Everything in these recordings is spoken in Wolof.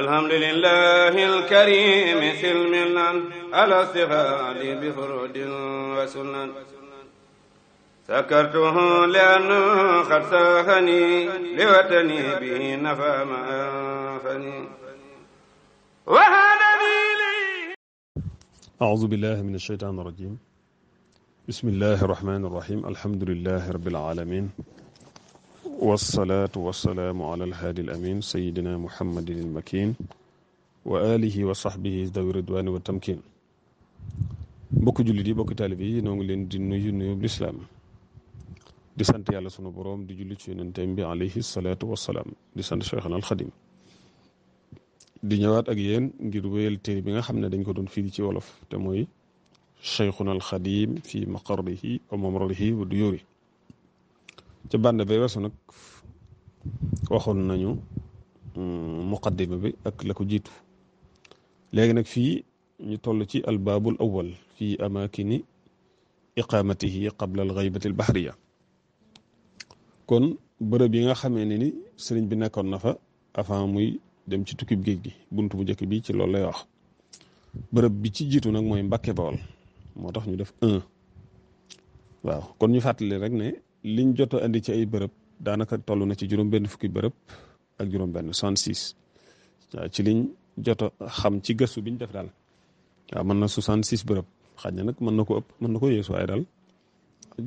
alhamdulillahi alkarimi silmilan alastifaad bifurud wa sunan sakartuhu lianna qad saahani liwatani bihi nafa ma anfani أعوذ بالله من الشيطان الرجيم بسم الله الرحمن الرحيم الحمد لله رب العالمين wasalaatu wasalaamu ala alhaadi alamin sayidina muhammadin almakin wa alihi wa sahbihi dawi ridwani wa tamkin mbokki jullit yi mbokki taalib yi noo ngi leen di nuyu nuyub lislaam di sant yàlla sunu boroom di julli ci yonentem bi alayhi salaatu wasalaam di sant cheikhana alxadim di ñëwaat ak yéen ngir wéyal téere bi nga xam ne dañ ko doon firi ci wolof te mooy cheikhuna alxadim fi maqarrihi wa mamrarihi wa duyuri ci bànd bi weesu nag waxoon nañu mm, muqaddima bi ak la ko jiitu léegi nag fii ñu toll ci albaabul awal fii amaakini iqaamatihi qabla al gaybati al bahriya kon bërëb yi nga xamee ne ni sëriñ bi nekkoon na fa avant muy dem ci tukkib géej gi bunt bu njëkk bi ci loolu lay wax bërëb bi ci jiitu nag mooy Mbàkke Bawol moo tax ñu def un waaw kon ñu fàttali rek ne liñ jot indi ci ay bërëb daanaka toll na ci juróom-benn fukki bërëb ak juróom-benn 66 waaw ci liñ joto xam ci gëstu biñ def daal waaw mën na 66 bërëb xaj na nag mën na ko ëpp mën na ko yeesu waaye daal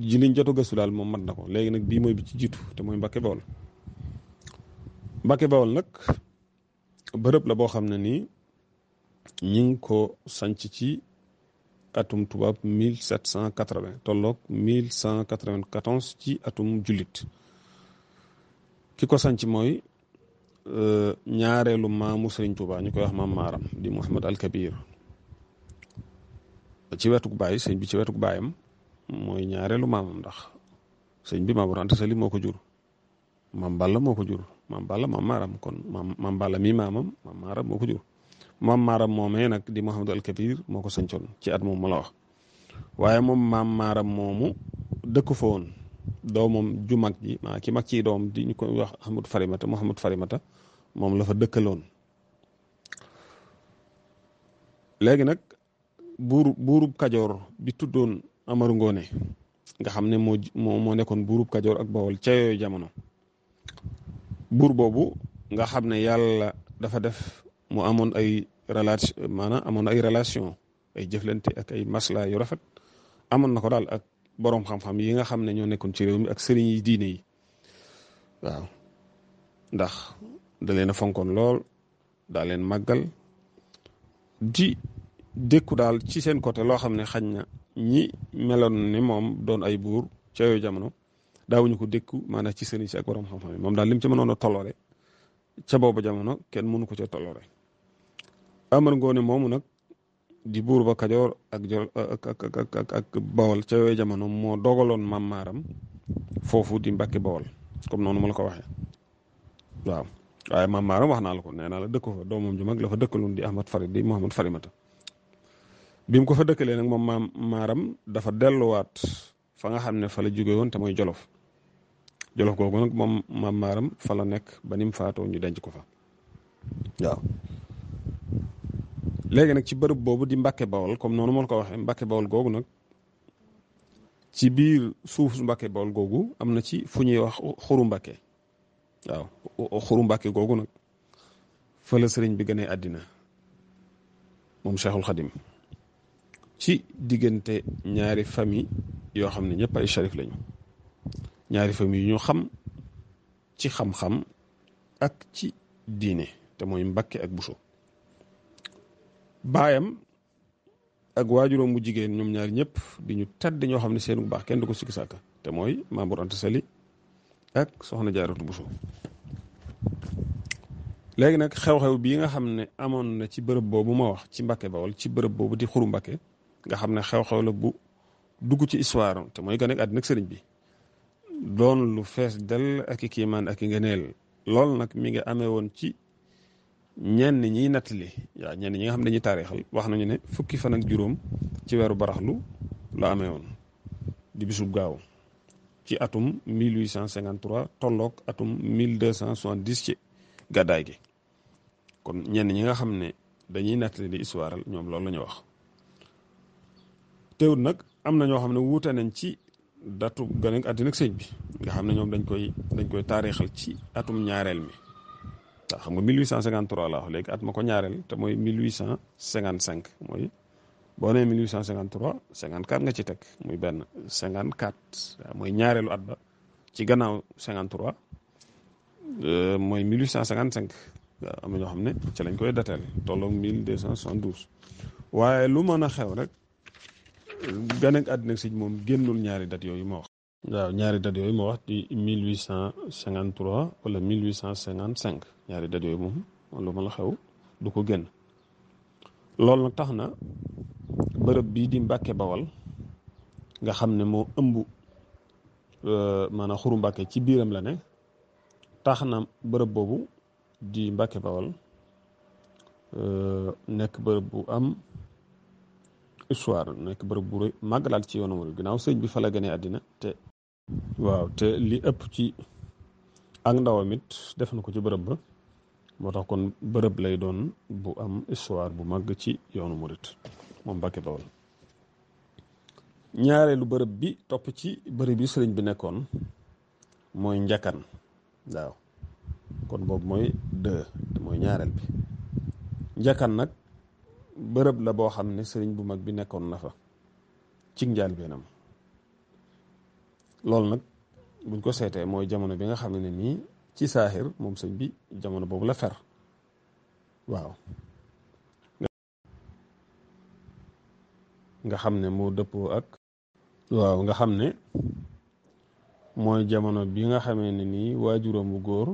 ji liñ jot gëstu daal moom mat na ko léegi nag bii mooy bi ci jiitu te mooy Mbàkke Bawol Mbàkke Bawol nag bërëb la boo xam ne nii ñu ngi ko sanc ci atum tubaab 1780 tolloog 1194 ci atum julit ki ko sanc mooy euh, ñaareelu maamu Sëriñ Tuubaa ñu koy wax maam maaram di Muhammad al Kabir ci wetuk baay sëñ bi ci wetuk baayam mooy ñaareelu maamam ndax sëñ bi Maam Anta Sali moo ko jur maam Balla moo ko jur maam Balla maam maaram kon maam maam mii maamam maam maaram moo jur maam maaram moomee nag di Mouhamadou al Kabir moo ko sancoon ci at moom mu la wax waaye moom maam maaram moomu dëkk fa woon doomam ju mag ji maa ah, ki mag ciy doom di ñu ko wax Ahmad Farimata Mouhamad Farimata moom la dëkkaloon léegi nag buur buurub kajoor bi tuddoon Amaru Ngoone nga xam ne moo nekkoon buurub kajoor ak bawol ca jamono buur boobu nga xam ne yàlla dafa def mu amoon ay relation maanaam amoon na ay relation ay jëflante ak ay masla yu rafet amoon na ko daal ak boroom xam-xam yi nga xam ne ñoo nekkoon ci réew mi ak sëriñ yi diine yi waaw ndax da leen a fonkoon lool daa leen màggal di dékku daal ci seen côté loo xam ne xañ na ñi meloon ni moom doon ay buur ca jamono jamono daawuñu ko dékku maanaam ci sëriñ si ak borom xam-xam yi moom daal lim ci manoon a tolloore ca boobu jamono kenn mënu ko ca tolloore amar ngoone moomu nag di buur ba kajoor ak jo ak ak ca yooyu jamono moo dogaloon maam maaram foofu di mbakki bawol comme noonu ma la ko waxee waaw waaye maam maaram wax naa la ko nee naa la dëkku fa doomam ju mag la fa dëkkaloon di ahmad farid di mohamad farimata bi mu ko fa dëkkalee nag moom maam maaram dafa delluwaat fa nga xam ne fa la jóge woon te mooy jolof jolof googu nag moom maam maaram fa la nekk ba ni mu faatoo ñu denc ko fa waaw léegi nag ci bërëb boobu di Mbàkke Bawol comme noonu ma la ko waxee Mbàkke Bawol googu nag ci biir suuf Mbàkke Bawol googu am na ci fu ñuy wax xuru Mbàkke waaw xuru Mbàkke googu nag fa sëriñ bi gënee àddina moom Cheikhul Khadim ci diggante ñaari famille yoo xam ne ñëpp ay sharif lañu ñaari famille yu ñu xam ci xam-xam ak ci diine te mooy Mbàkke ak Buso baayam ak waajuróom bu jigéen ñoom ñaar ñëpp di ñu tedd ñoo xam ne seenu baax kenn du ko sikki sàkka te mooy Mamour Anta Sali ak soxna Jaaratu Buso léegi nag xew-xew bii nga xam ne amoon na ci bërëb boobu ma wax ci Mbàkke Bawol ci bërëb boobu di xuru Mbàkke nga xam ne xew-xew la bu dugg ci histoire te mooy gane ak àddina ak sëriñ bi doon lu fees del ak i kiimaan ak i ngeneel lool nag mi nga amee ñenn ñiy nattali ñenn ñi nga xam ne dañuy taarixal wax nañu ne fukki fan ak juróom ci weeru baraxlu la amee woon di bisub gaaw ci atum 1853 tolloog atum 1270 ci gàddaay gi kon ñenn ñi nga xam ne dañuy nattali di histoire ñoom loolu la ñu wax teewut nag am na ñoo xam ne wuute nañ ci datu gane àddina ak sëñ bi nga xam ne ñoom dañ koy dañ koy taarixal ci atum ñaareel mi waaw xam nga 1853 laa wax léegi at ma ko ñaareel te mooy 1855 mooy boo nee 1853 54 nga ci teg muy benn 54 waaw mooy ñaareelu at ba ci gannaaw 53 euh, mooy 1855 waaw am na ñoo xam ne ci lañ koy dateel tolloog 1272 waaye lu mën a xew rek gan ak àddina si moom génnul ñaari dat yooyu ma wax. waaw ñaari dat moo wax di mille huit cent cinquante trois wala mille huit cent cinquante cinq ñaari dat yooyu moom lu ma la xew du ko génn loolu nag tax na bërëb bii di Mbàkke Bawal nga xam ne moo ëmb euh, maanaam xuru Mbàkke ci biiram la ne tax na bërëb boobu di Mbàkke Bawal euh, nekk bërëb bu am histoire nekk bërëb bu mag laal ci yoonu Murid ginnaaw sëñ bi fa la gënee àddina te waaw te li ëpp ci ak ndawam def na ko ci bërëb ba moo tax kon bërëb lay doon bu am histoire bu màgg ci yoonu murit moom Mbàkke Bawol ñaareelu bërëb bi topp ci bërëb yi sëriñ bi nekkoon mooy njakkan waaw kon boobu mooy deux mooy ñaareel bi njakkan nag bërëb la boo xam ne sëriñ bu mag bi nekkoon na fa ci njaalbeenam loolu nag buñ ko seetee mooy jamono bi nga xam ne nii ci saaxir moom sëñ bi jamono boobu la fer waaw nga xam ne moo dëppoo ak waaw nga xam ne mooy jamono bi nga xamee ne nii waajuram mu góor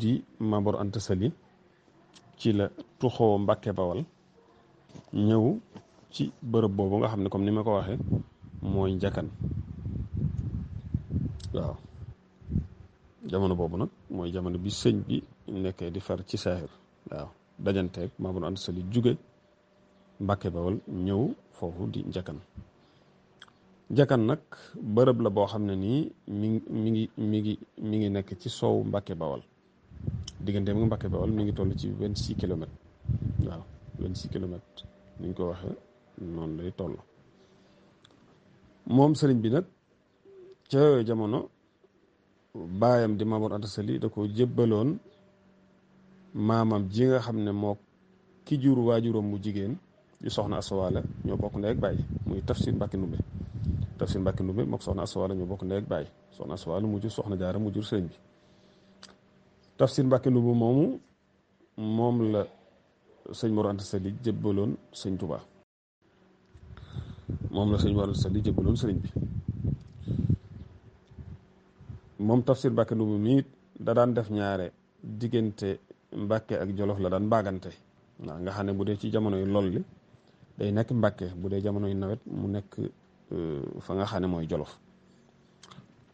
di Mambor Anta Sali ci la tuxoo Mbàkke Bawal ñëw ci bërëb boobu nga xam ne comme ni ma ko waxee mooy njakkan waaw jamono boobu nag mooy jamono bi sëñ bi nekkee di far ci saaxir waaw dajanteeg Mamadou Anta Sali jóge Mbàkke Bawol ñëw foofu di njakkan njakkan nag bërëb la boo xam ne nii mi mi ngi mi ngi mi ngi nekk ci soow Mbàkke Bawol diggante mu Mbàkke Bawol mi ngi toll ci vingt six kilomètres waaw vingt six kilomètres ni ñu ko waxee noonu lay toll moom sëriñ bi nag ca jamono baayam di Mamour Anta Sali da ko jëbbaloon maamam ji nga xam ne mook ki jur waajuram mu jigéen yu soxna Asawaala ñoo bokk ndey ak baay muy Tafsir Mbàkke Ndumbe Tafsir Mbàkke Ndumbe mook soxna Asawaala ñoo bokk ndey ak baay soxna Asawaala mu jur soxna Jaara mu jur sëriñ bi Tafsir Mbàkke Ndumbe moomu moom la sëñ Mor Anta Sali jébbaloon sëñ Tuubaa moom la sëñ Mor Anta Sali jébbaloon sëriñ bi moom tafsir Mbàkke Ndumbe mi it da daan def ñaare diggante Mbàkke ak Jolof la daan baagante waaw nga xam ne bu dee ci jamono yu lool li day nekk Mbàkke bu dee jamono yu nawet mu nekk euh, fa nga xam ne mooy Jolof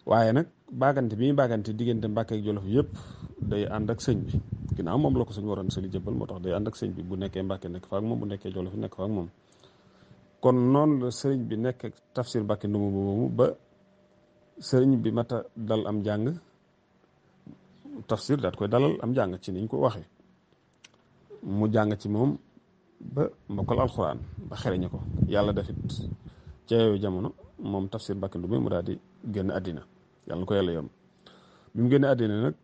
waaye nag baagante bi muy baagante diggante Mbàkke ak Jolof yëpp day ànd ak sëñ bi ginnaaw moom la ko sëñ waroon sëli jëbbal moo tax day ànd ak sëñ bi bu nekkee Mbàkke nekk fa moom bu nekkee Jolof nekk fa ak moom kon noonu la sëriñ bi nekk tafsir Mbàkke Ndumbe boobu ba sëriñ bi mata dal am jàng tafsir daat koy dalal am jàng ci niñ ko waxee mu jàng ci moom ba mbokkal alxuraan ba xereñe ko yàlla defit ca yooyu jamono moom tafsir Mbàkke Ndumbe mu daal di génn àddina yàlla na ko yàlla yom bi mu génn àddina nag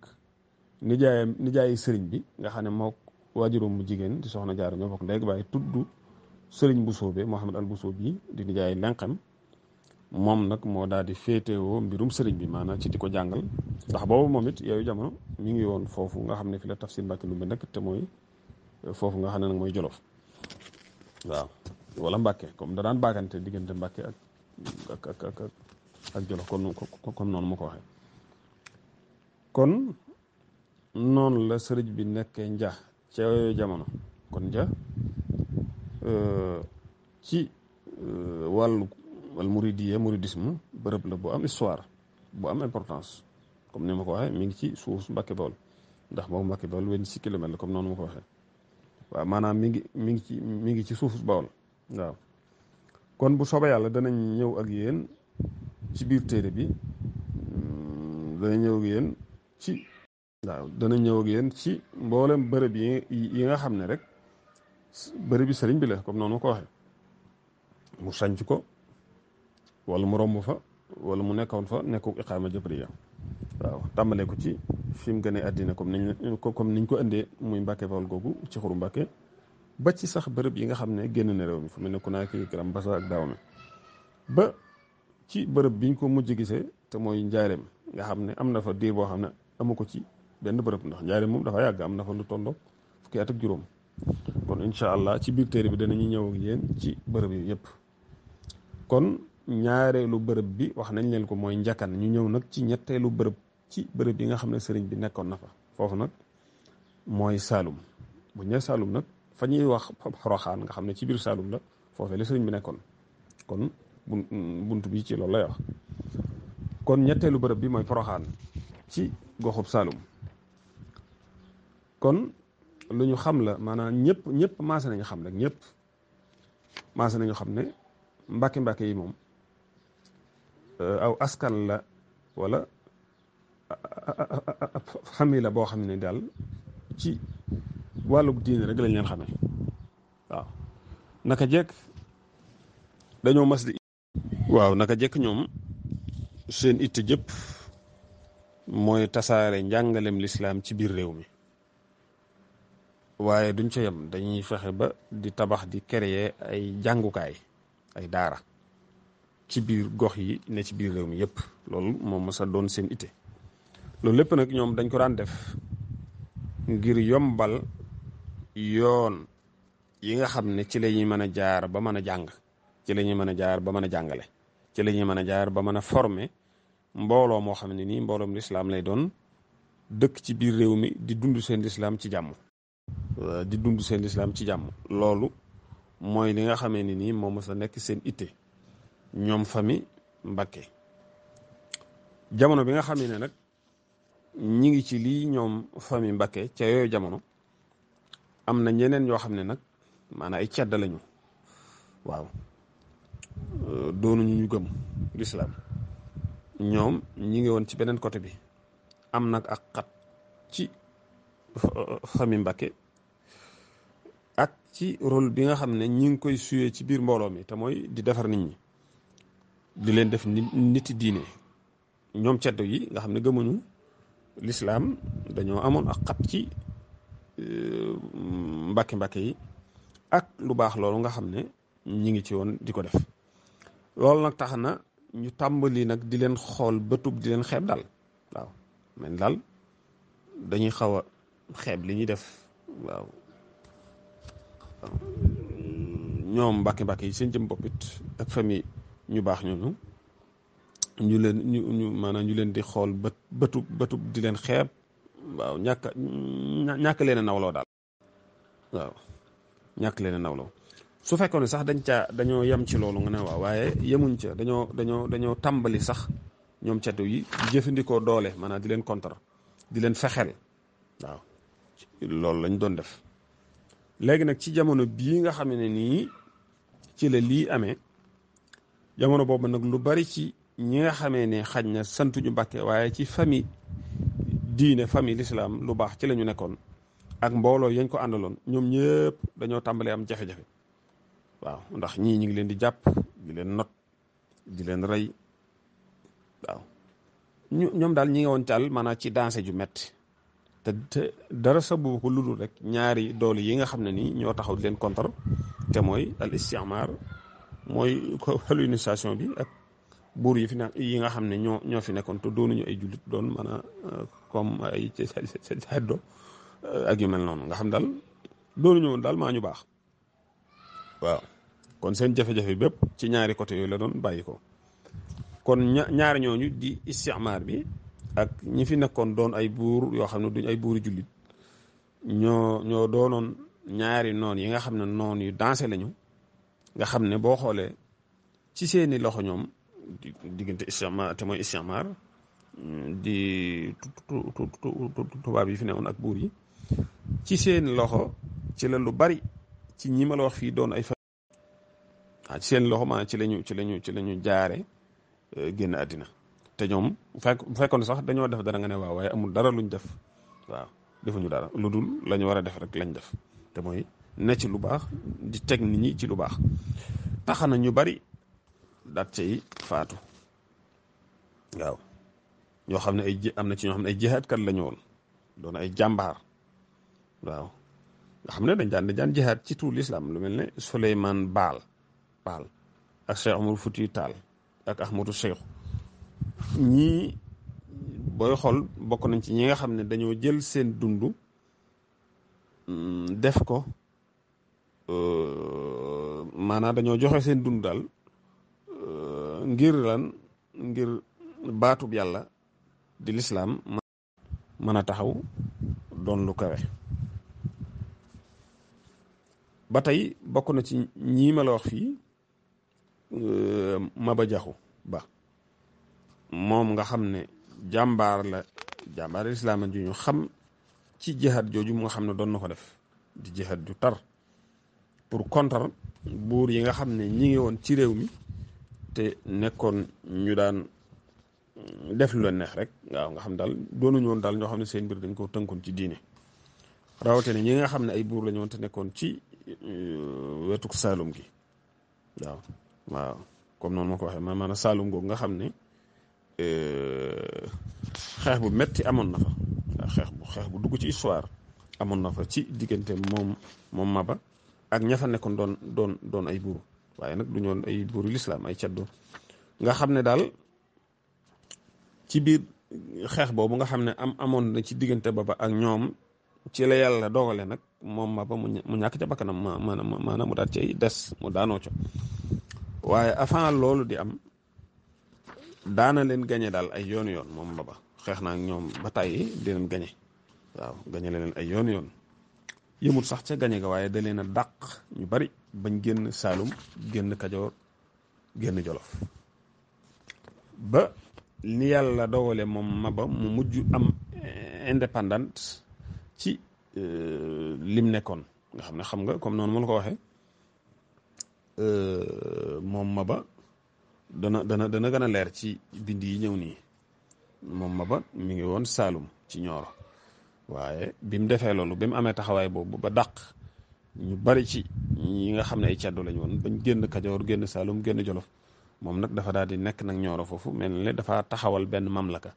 nijaayam nijaayi sëriñ bi nga xam ne moo waajuróom mu jigéen di soxna Jaara ñoo bokk ndey ak baay tudd sëriñ bu sóobee Mouhamed al bu sóob yi di nijaayi lenqam moom nag moo daal di féetewoo mbirum sëriñ bi maanaam ci di ko jàngal ndax boobu moom it yooyu jamono mi ngi woon foofu nga xam ne fi la tafsir Mbàkke Ndumbe nekk te mooy foofu nga xam ne nag mooy Jolof waaw wala Mbàkke comme da daan baagante diggante Mbàkke ak ak ak ak ak noonu ma ko waxee noonu la sëriñ bi nekkee nja ca yooyu jamono kon nja euh, ci euh, wàllu wal muridiya muridisme bërëb la bu am histoire bu am importance comme ni ma ko waxee mi ngi ci suuf Mbàkke Bawol ndax moom Mbàkke Bawol si kilomètre la comme noonu ma ko waxee waaw maanaam mi ngi mi ngi ci mi ngi ci suuf Bawol waaw kon bu soobee yàlla danañ ñëw ak yéen ci biir téere bi hmm, dana ñëw ak yéen ci waaw dana ñëw ak yéen ci mboolem bërëb yi yi nga xam ne rek bërëb bi sëriñ bi la comme noonu ma ko waxee mu sanc ko wala mu romb fa wala mu nekkoon fa nekku iqaama jabriya waaw tàmbalee ko ci fi mu gënee àddina comme niñ comme niñ ko indee muy Mbàkke Bawol googu ci xuru Mbàkke ba ci sax bërëb yi nga xam ne génn na réew mi fu mu nekku naa kii Grand Bassam ak Dahomey ba ci bërëb biñ ko mujj gisee te mooy njaareem nga xam ne am na fa diir boo xam ne amu ko ci benn bërëb ndax njaareem moom dafa yàgg am na fa nu tondo fukki at ak juróom kon incha allah ci biir téere bi danañu ñëw ak yéen ci bërëb yi yëpp kon ñaareelu bërëb bi wax nañ leen ko mooy njakkan ñu ñëw nag ci ñetteelu bërëb ci bërëb yi nga xam ne sëriñ bi nekkoon na fa foofu nag mooy Saalum bu ñëwee Saalum nag fa ñuy wax Poroxaan nga xam ne ci biir Saalum la foofee sëriñ bi nekkoon kon bunt bi ci loolu lay wax kon ñetteelu bërëb bi mooy Poroxaan ci goxub Saalum kon lu ñu xam la maanaam ñëpp ñëpp maase nañu xam rek ñëpp maase nañu xam ne mbàkki mbàkki yi moom Euh, aw askan la wala famille la boo xam ne daal ci wàllug diin rek lañ leen xamee waaw naka jekk dañoo mas di waaw ñoom seen itte jëpp mooy tasaare njàngalem lislaam ci biir réew mi waaye duñ ca yem fexe ba di tabax di créer ay jàngukaay ay daara ci biir gox yi ne ci biir réew mi yëpp loolu moom mos a doon seen ite loolu lépp nag ñoom dañ ko daan def ngir yombal yoon yi nga xam ne ci la ñuy mën a jaar ba mën a jàng ci la ñuy mën a jaar ba mën a jàngale la ñuy mën a jaar ba mën a former mbooloo moo xam ne nii mbooloom lislaam lay doon dëkk ci biir réew mi di dund seen lislaam ci jàmm di dund seen lislaam ci jàmm loolu mooy li nga xamee ne nii moo mës a nekk seen ite ñoom fami Mbakke jamono bi nga xam ne nag ñi ngi ci lii ñoom fami Mbakke ca yooyu jamono am na ñeneen ñoo xam ne nag maanaay ay lañu waaw euh, doonuñu ñu gëm lislaam ñoom ñi ngi woon ci beneen côté bi am nag ak xat ci euh, fami Mbakke ak ci rôle bi nga xam ne ñi ngi koy suyee ci biir mbooloo mi te mooy di defar nit ñi di leen def nit niti diine ñoom ceddo yi nga xam ne gëmuñu lislaam dañoo amoon ak xat ci mbàkki euh, mbàkki yi ak lu baax loolu nga xam ne ñi ngi ci woon di ko def loolu nag tax na ñu tàmbali nag di leen xool bëtub di leen xeeb daal waaw men daal dañuy xaw a xeeb li ñuy def waaw ñoom mbàkki mbàkki yi seen jëm boppit ak famille ñu baax ñooñu ñu leen ñu ñu maanaam ñu leen di xool bët bëtub bëtub di leen xeeb waaw ñàkk ñàkk leen a nawloo daal waaw ñàkk leen a nawloo su fekkoon ne sax dañ caa dañoo yem ci loolu nga ne waaw waaye yemuñ ca dañoo dañoo dañoo tàmbali sax ñoom catu yi jëfandikoo doole maanaam di leen contre di leen fexel waaw loolu lañ doon def léegi nag ci jamono bii nga xam ne nii ci la lii amee jamono boobu nag lu bari ci ñi nga xamee ne xaj na santuñu Mbàkke waaye ci famille diine famille l'islam lu baax ci lañu nekkoon ak mbooloo yañ ko àndaloon ñoom ñëpp dañoo tàmbalee am jafe-jafe waaw ndax ñii ñu ngi leen di jàpp di leen not di leen rey waaw ñu ñoom daal ñi nga woon taal maanaam ci danse ju metti te dara sababu ko dul rek ñaari doole yi nga xam ne nii ñoo taxaw leen contre te mooy al istimaar mooy colonisation bi ak buur yi fi ne yi nga xam ne ñoo ñoo fi nekkoon to te doonuñu ay jullit doon mën a comme ay ceddo ak yu mel noonu nga xam daal doonuñu woon daal maa ñu baax waaw kon seen jafe-jafe bépp ci ñaari côté yooyu la doon bàyyi ko kon ñaari ñooñu di istimaar bi ak ñi fi nekkoon doon ay buur yoo xam ne duñ ay buuru jullit ñoo ñoo doonoon ñaari noon yi nga xam ne noon yu dansé lañu nga xam ne boo xoolee ci seeni loxo ñoom diggante istimar te mooy istimar mm, di tubaab yi fi newoon ak buur yi ci seeni loxo ci la lu bari ci ñi ma la wax fii doon ay fa ci seen loxo maanaam ci lañu ci lañu ci lañu jaare euh, génn àddina te ñoom fekk bu fekkoon sax dañoo def dara nga ne waaw waaye amul dara luñ def waaw defuñu dara lu dul lañu ñu war a def rek lañ def te mooy ne ci lu baax di teg nit ñi ci lu baax tax na ñu bari daat cay faatu waaw ñoo xam ne ay am na ci ñoo xam ne ay jihaadkat la ñu woon doon ay jàmbaar waaw nga xam ne dañ daan dañ daan jihaad ci tuur lislaam lu mel ne Souleymane Baal Baal ak Cheikh Omar Fouti Taal ak Ahmadou Cheikh ñii boy xool bokk nañ ci ñi nga xam ne dañoo jël seen dund mm, def ko Euh, maanaam dañoo joxe seen dund daal euh, ngir lan ngir baatub yàlla di lislaam mën a taxaw doon lu ba tey bokk na ci ñii ma la wax fii euh, Maba Jaxu Ba moom nga xam ne jàmbaar la jàmbaar lislaam ju ñu xam ci jihaad jooju mu nga xam ne doon na ko def di jihaad ju tar pour contre buur yi nga xam ne ñi ngi woon ci réew mi te nekkoon ñu daan mm, def lu neex rek waaw nga xam daal doonuñu woon daal ñoo xam ne seen mbir dañ koo tënkoon ci diine rawatina ñi nga xam ne ay buur lañu woon te nekkoon ci euh, wetuk saalum gi waaw waaw noonu ma ko waxee ma maanaam saalum googu nga xam ne euh, xeex bu metti amoon na fa xeex bu xeex bu dugg ci histoire amoon na fa ci diggante moom moom Maba ak ña fa nekkoon doon doon doon ay buur waaye nag du ñoon ay buuru lislaam ay ceddo nga xam ne daal ci biir xeex boobu nga xam ne am amoon na ci diggante baba ak ñoom ci la yàlla dogale nag moom ma ba mu ñàkk ca bakkanam ma maanaam mu daat ci des mu daanoo ca waaye avant loolu di am daana leen gañe daal ay yoon yoon moom baba xeex na ak ñoom ba tàyyi di leen gañe waaw gañe leen ay yoon yoon yëmul sax ca gañe ga waaye da leen a dàq ñu bari bañ génn Saalum génn Kajoor génn Jolof ba ni yàlla dogale moom Maba mu mujj am eh, indépendante ci eh, lim nekkoon nga xam ne xam nga comme noonu ma la ko waxee eh, moom Maba dana dana dana gën a leer ci bind yi ñëw nii moom Maba mi ngi woon Saalum ci Ñooro waaye bi mu defee loolu bi mu amee taxawaay boobu ba daq ñu bari ci ñi nga xam ne ay lañu lañ woon bañ génn Kajoor génn Saalum génn Jolof moom nag dafa daal di nekk nag ñooro foofu mel ni dafa taxawal benn mamlaka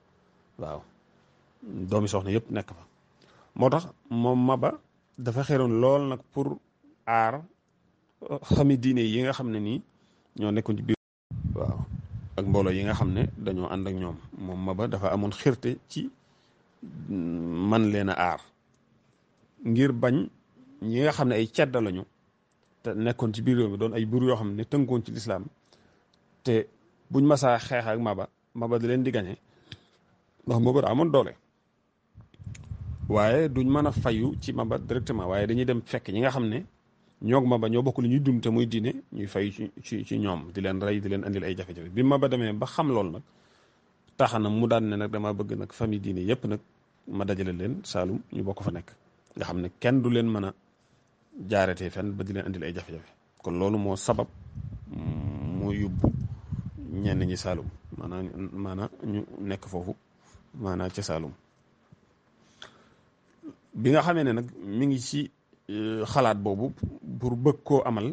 waaw doomi soxna yëpp nekk fa moo tax moom Maba dafa xeroon lool nag pour aar uh, xami diine yi nga xam ne nii ñoo nekkoon ci biir waaw ak mbooloo yi nga xam ne dañoo ànd ak ñoom moom Maba dafa amoon xirte ci man leen a aar ngir bañ ñi nga xam ne ay cedda lañu te nekkoon ci biir réew mi doon ay buur yoo xam ne tënkoon ci lislaam te buñ masaa xeex ak maba maba da leen di gane ndax boobu daa amoon doole waaye duñ mën a fayu ci maba directement waaye dañuy dem fekk ñi nga xam ne ñoog maba ñoo bokk lu ñuy dund te muy diine ñuy fay ci ci ci ñoom di leen rey di leen andil ay jafe-jafe bi maba demee ba xam loolu nag tax na mu daan ne nag dama bëgg nag famille diine yépp nag ma dajale leen Saalum ñu bokk fa nekk nga xam ne kenn du leen mën a jaaretee fenn ba di leen andil ay jafe-jafe kon loolu moo sabab moo yóbbu ñenn ñi Saalum maanaam ñu nekk foofu maanaam ca Saalum bi nga xamee ne nag mi ngi ci e, xalaat boobu pour bëgg koo amal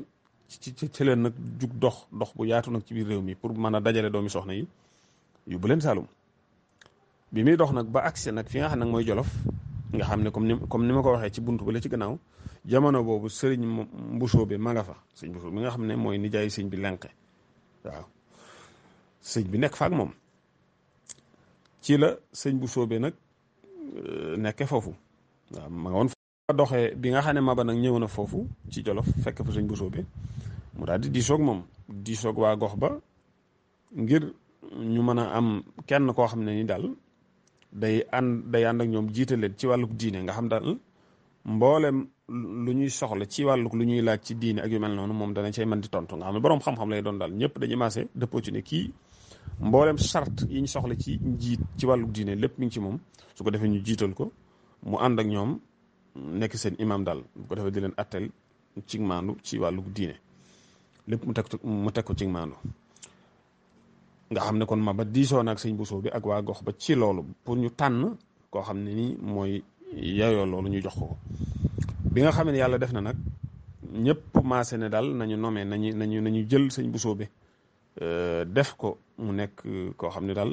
ci ci ci nag jug dox dox bu yaatu nag ci biir réew mi pour mën a dajale doomi soxna yi yóbbu leen Saalum bi muy dox nag ba agsi nag fi nga xam nag mooy jolof nga xam ne comme ni comme ni ma ko waxee ci bunt ba la ci gannaaw jamono boobu sëriñ mbusoo bi ma nga fa sëñ mbusoo bi nga xam ne mooy nijaay sëñ bi lenqe waaw bi nekk fa moom ci la sëñ mbusoo bi nag euh, nekke foofu ma woon fa bi nga xam ne maba nag ñëw na foofu ci jolof fekk fa sëñ mbusoo bi mu daal di diisoog moom diisoog waa gox ba ngir ñu mën a am kenn koo xam ne ni daal day ànd day ak ñoom jiite leen ci wàlluk diine nga xam daal mboolem lu ñuy soxla ci wàlluk lu ñuy laaj ci diine ak yu mel noonu moom dana cay mën di tontu nga xam ne boroom xam-xam lay doon daal ñëpp dañuy maase dëppoo ci ne kii mboolem charte yi ñu soxla ci njiit ci wàlluk diine lépp mi ngi ci moom su ko defee ñu jiital ko mu ànd ak ñoom nekk seen imam daal bu ko defee di leen attel ci maandu ci wàlluk diine lépp mu teg mu teg ko ci maandu nga xam ne kon ma ba diisoo naag sëñ Bousso bi ak waa gox ba ci loolu pour ñu tànn koo xam ne nii mooy yeyoo loolu ñu jox ko bi nga xam ne yàlla def na nag ñëpp maase ne daal nañu nomee nañu nañu nañu jël sëñ Bousso bi euh, def ko mu nekk koo xam ne daal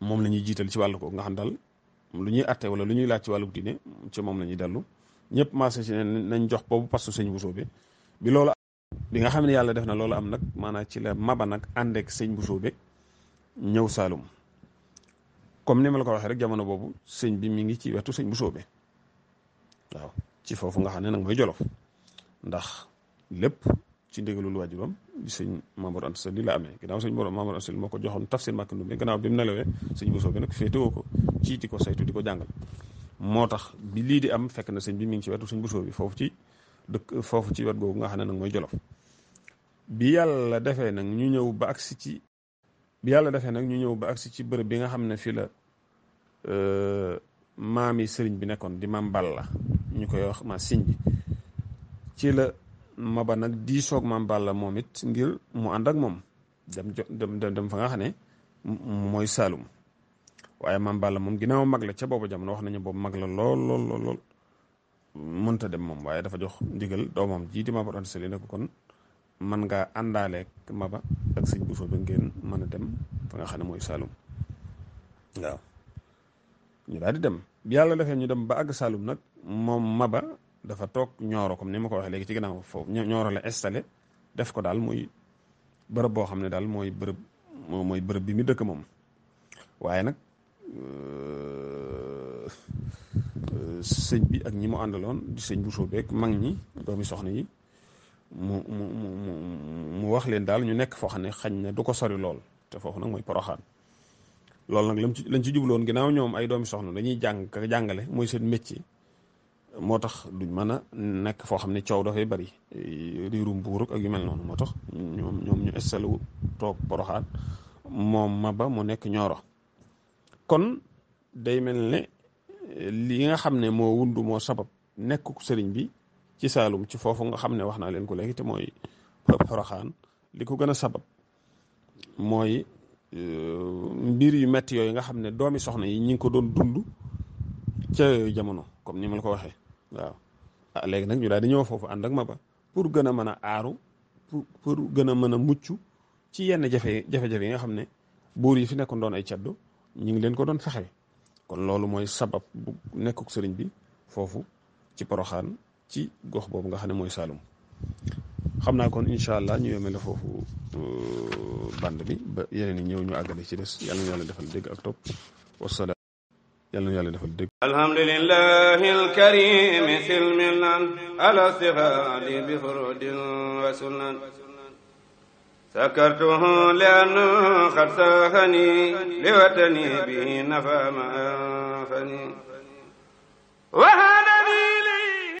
moom la jiital ci wàllu ko nga xam daal lu ñuy atte wala lu ñuy laaj ci wàllu diine ci moom lañuy ñuy dellu ñëpp maase si ne nañ jox boobu pastu sëñ Bousso bi bi loolu bi nga xam ne yàlla def na loolu am nag maanaam ci la maba nag ànd ak sëñ bu sóobe ñëw Saalum comme ni ma la ko waxee rek jamono boobu sëñ bi mi ngi ci wetu sëñ bu sóobe waaw ci foofu nga xam ne nag mooy Jolof ndax lépp ci ndigalul waajuram di sëñ Mamadou Anta Sall li la amee ginnaaw sëñ Mamadou Anta Sall moo ko joxoon tafsir Mbacké Ndoumbé gannaaw bi mu nelawee sëñ bu sóobe nag féetewoo ko ci di ko saytu di ko jàngal moo tax bi lii di am fekk na sëñ bi mi ngi ci wetu sëñ bu sóobe foofu ci dëkk foofu ci wet googu nga xam ne nag mooy jolof bi yàlla defee nag ñu ñëw ba agsi ci bi yàlla defee nag ñu ñëw ba agsi ci bërëb bi nga xam ne fii la euh, maami sëriñ bi nekkoon di maam la ñu koy wax ma siñ ci la maba nag diisoog maam la moom it ngir mu ànd ak moom dem dem dem fa nga xam ne mooy Saalum waaye maam Balla moom ginnaaw mag la ca boobu jamono wax nañu boobu mag la lool lool lool lool mënta dem moom waaye dafa jox ndigal doomam jiiti Maba Anta Sali ne ko kon man ngaa àndaaleeg Maba ak sëñ Bousso ba ngeen mën a dem fa nga xam ne mooy Saloum waaw ñu daal di dem yàlla defee ñu dem ba àgg Saloum nag moom Maba dafa toog ñooro comme ni ma ko waxee léegi ci ginnaaw foofu ñooro la installé def ko daal muy bërëb boo xam ne daal mooy bërëb mooy bërëb bi mu dëkk moom waaye nag sëñ bi ak ñi mu àndaloon di sëñ bu soobeek mag ñi doomi soxna yi mu mu mu mu wax leen daal ñu nekk foo xam ne xañ na du ko sori lool te foofu nag mooy poroxaan loolu nag lañ ci lañ ci jubloon ginnaaw ñoom ay doomi soxna dañuy jàng ka jàngale mooy seen métier moo tax duñ mën a nekk foo xam ne coow dafay bari riirum buur ak yu mel noonu moo tax ñoom ñoom ñu installé wu toog poroxaan moom Maba mu nekk Ñooro kon day mel ne lii nga xam ne moo wundu moo sabab nekk sëriñ bi ci Saalum ci foofu nga xam ne wax naa leen ko léegi mooy Poroxaan li ko gën a sabab mooy euh, mbir yu metti yooyu xam ne doomi soxna yi ñi ngi ko doon dund ca jamono comme ni ma la ko waxee waaw. ah nag ñu daal di ñëw foofu ànd ak ma ba pour gën a mën a aaru pour pour gën a mën a mucc ci yenn jafe jafe yi nga xam ne buur yi fi nekkoon doon ay caddu ñu ngi leen ko doon fexee kon loolu mooy sabab bu nekkuk sëriñ bi foofu ci poroxaan ci gox boobu nga xam ne mooy Saalum xam naa kon incha allah ñu yemele foofu euh, band bi ba yeneen yi ñëw ñu àggale ci des yàlla na yàlla defal dégg ak topp wasalaam yàlla na yàlla defal dégg سكرته لأنه قد ساخني لوطني به نفى ما أنفني